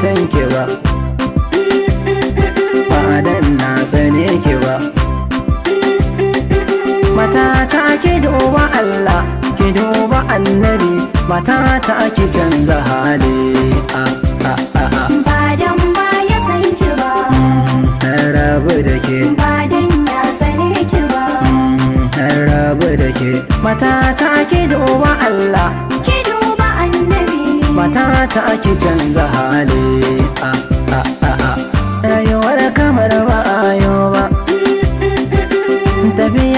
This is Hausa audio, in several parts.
san ki ba ba dan na sane ki ba matata ki duba Allah ki duba annabi matata ki canza hali a a a a ba dan ba ya san ki ba harabu mm, da ke ba dan ya sane ki ba harabu mm, da ke matata ki duba Allah ki duba annabi matata ki canza hali a a a a rayuwar kamar ba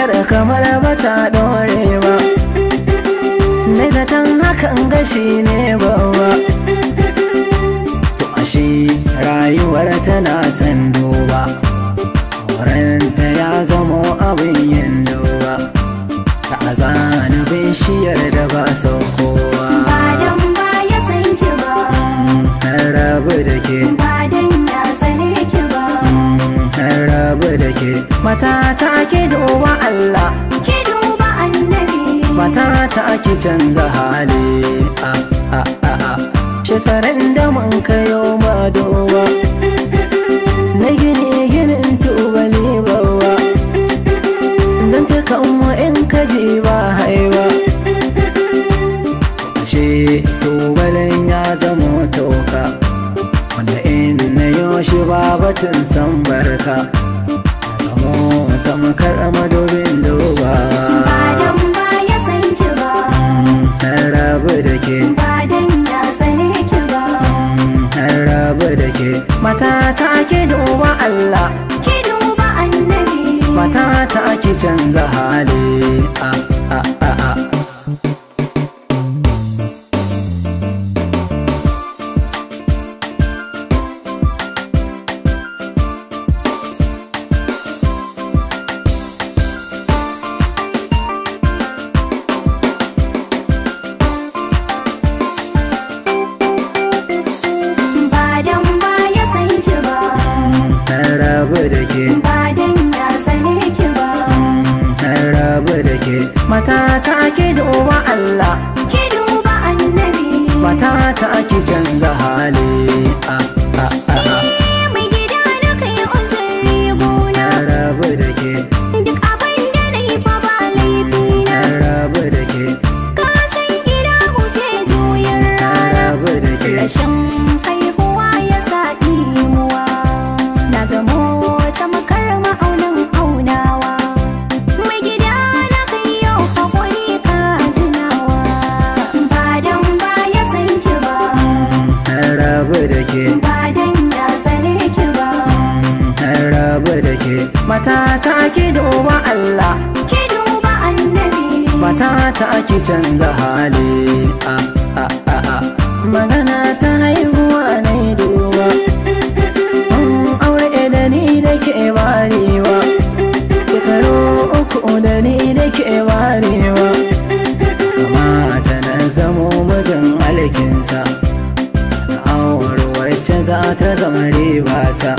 hanyar kamar bata dore ba tan zaton hakan gashi ne bawa. to ashe rayuwar tana san duba ta ya zamo abin yin duba ta azana bishiyar da ba saukowa ba dan ba ya san ki ba mm, rabu da ke ke duba Allah ke duba annabi mata ta ake canza hali a a a a shekaran da man kayo ma duba na gini ginin tubali bawa zan ta kanwa in kaji ba haiwa ashe tubalin ya zama toka wanda in na yoshi babatin san barka Matata ta ki duba Allah ki duba annabi mata ta ki canza hali a ah, a ah. ke ba dan ya ki ba rabu da ke mata ta ki duba Allah ki duba annabi mata ta ki canza hali a a a eh, mai gida na kai uzuri gona rabu da ke duk abin da nayi fa ba laifi na rabu da ke ka san gida ku ke juyar rabu da ke da ke ba dan ya sare ki ba rabu da ke mata ta ki duba Allah ki duba annabi mata ta ki canza hali a a a a magana ta haihuwa ne duba aure ni da ke warewa. shekaru uku da ni da ke warewa. amma ta na zamo mijin alkinta za ta zama riba ta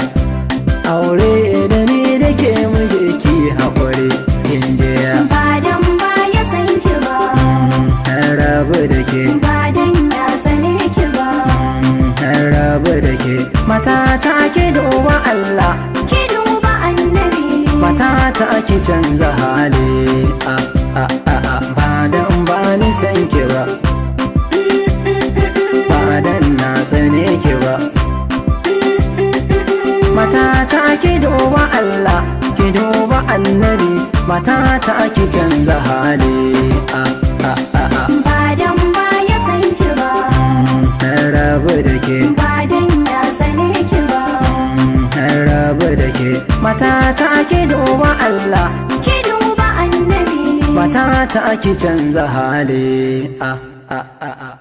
aure da ni da ke muke ki haƙuri in je ya badan ba ya san ki ba mm, an rabu da ke badan ya sane ki ba mm, an rabu da ke mata ta ke duba Allah ki duba annabi mata ta ke canza hali a a a ki duba Allah ki duba annabi mata ta ki canza hali ba dan ba ya san ki ba harabu mm, da ke ba dan ya san ki ba harabu mm, da ke mata ta ki duba Allah ki duba annabi mata ta ki canza hali a a a